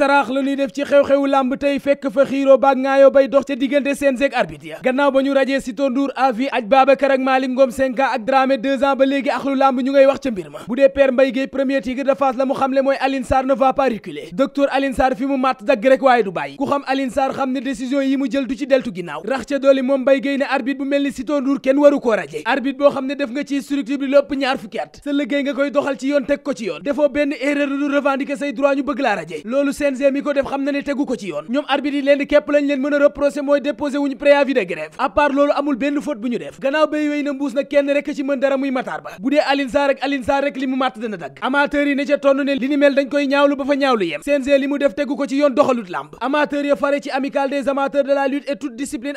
saraax la ñuy def ci xew-xewu làmb tey fekk fa xiiroo baak ngaayoo bay dox ca diggante CNG ak arbitre ya gannaaw ba ñu rajee Sitor Ndour avi aj Babacar ak Malick Ngom 5 ak Dramé 2 ans ba léegi axlu làmb ñu ngay wax ca mbir ma bu dee père Mbaye Gueye premier tigre de Fass la mu xamle mooy Aline Sarr ne va pas reculer docteur Aline fi mu màtt dagg rek waaye du bàyyi ku xam Aline Sarr xam ne décision yi mu jël du ci deltu ginnaaw rax ca dooli moom Mbaye Gueye ne arbitre bu ne def nga ci structure bi lépp ñaar fukki ko ci yoon defoo benn erreur lu CNG mi ko def xam na ne tegu ko ci yoon ñoom arbitre yi leen di képp mën a reprocher mooy déposé wuñu préavis de grève à part loolu amul benn faute bu ñu def gannaaw bay wéy na mbuus na kenn rek ci mën dara muy Matar Ba bu dee rek li mu màtt dana dagg amateur yi ne ca tonn ne li ni mel dañ koy ñaawlu ba fa ñaawlu yem CNG li mu def tegu ko ci yoon doxalut làmb amateur ya fare ci amicale des amateurs de la lutte et toute discipline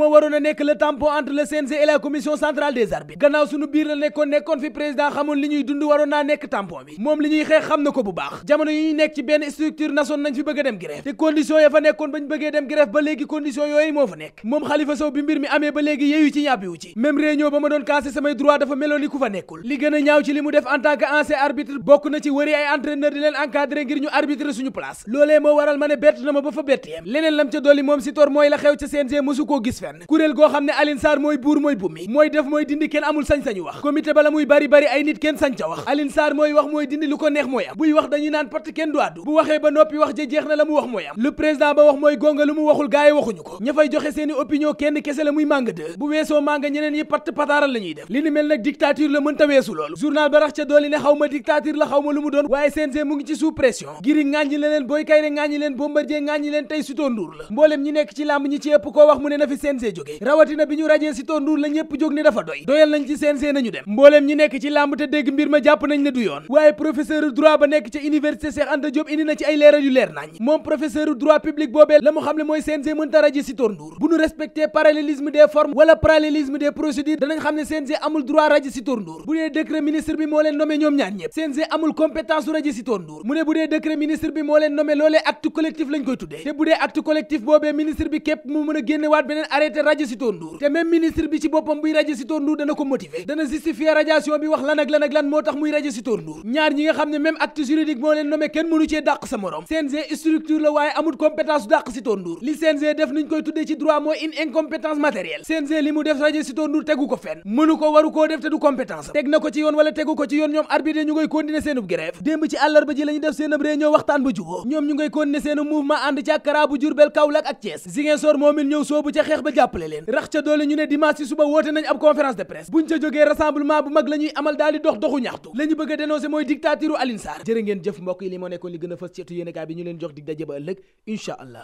moo waroon a nekk le tampon entre le CNG et la commission centrale des arbitres gannaaw suñu biir la nekkoon nekkoon fi président xamoon li ñuy dund waroon naa nekk tampon bi moom li ñuy xeex xam na ko bu baax jamono yi ñu nekk ci benn structure nationale nañ fi bëgg a dem grève te condition ya fa nekkoon bañ bëggee dem grève ba léegi condition yooyu moo fa nekk moom Khalifa Sow bi mbir mi amee ba léegi yeeyu ci ñàbbiwu ci même réunion ba ma doon kaase a ñaaw ci li mu fenn kuréel goo xam ne Alioune Sarr mooy buur mooy bumi mooy def mooy dindi kenn amul sañ-sañu wax comité bala muy bari bari ay nit kenn sañ ca wax Alioune Sarr mooy wax mooy dindi lu ko neex mooy am buy wax dañuy naan patt kenn du àddu bu waxee ba noppi wax jeex na la mu wax mooy am lu président ba wax mooy gonga lu mu waxul gaay waxuñu ko ña fay joxe seeni opinion kenn kese la muy mànga de bu weesoo mànga ñeneen yi patt pataaral la ñuy def li ni mel nag dictature xaw ma dictature la xaw ma lu mu doon waaye CNG mu ngi ci sous pression giri ŋàññi la nekk ci làmb ñi ci ëpp na fi CNG jógee rawatina la ñëpp jóg ne dafa doy doyal nañ ci CNG nañu dem mbooleem ñi nekk ci làmb te dégg mbir ma jàpp nañ ne du yoon waaye professeur droit ba nekk ca université Cheikh Anta indi na ci ay leeral yu leer nañ moom professeur droit public boobee la mu xam ne mooy CNG mënta raje si tonduur bu ñu respecté parallélisme des formes wala parallélisme des procédures danañ xam ne CNG amul droit raje si tonduur bu ne bu ministre bi te même ministre bi ci boppam buy rajo Sitor Ndour dana ko motiver dana justifier radiation bi wax lan ak lan moo tax muy rajo Sitor Ndour ñaar ñi nga xam ne même acte juridique moo leen nommé kenn mënu cee dàq sa morom CNG structure la waaye amul compétence dàq Sitor Ndour li CNG def niñ koy tuddee ci droit mooy une incompétence matérielle CNG li mu def rajo Sitor Ndour tegu ko fenn mënu ko waru koo def te du compétence teg na ko ci yoon jàppale leen rax ca doole ñu ne dimanche ci suba woote nañ ab conférence de presse buñ ca jógee rassemblement bu mag la amal daal di dox doxu ñaxtu la ñu bëgg a mooy dictature Alioune Sarr jërë ngeen jëf mbokk yi li moo nekkoon li gën a fës ci yéenekaay bi ñu leen jox dig daje ëllëg incha allah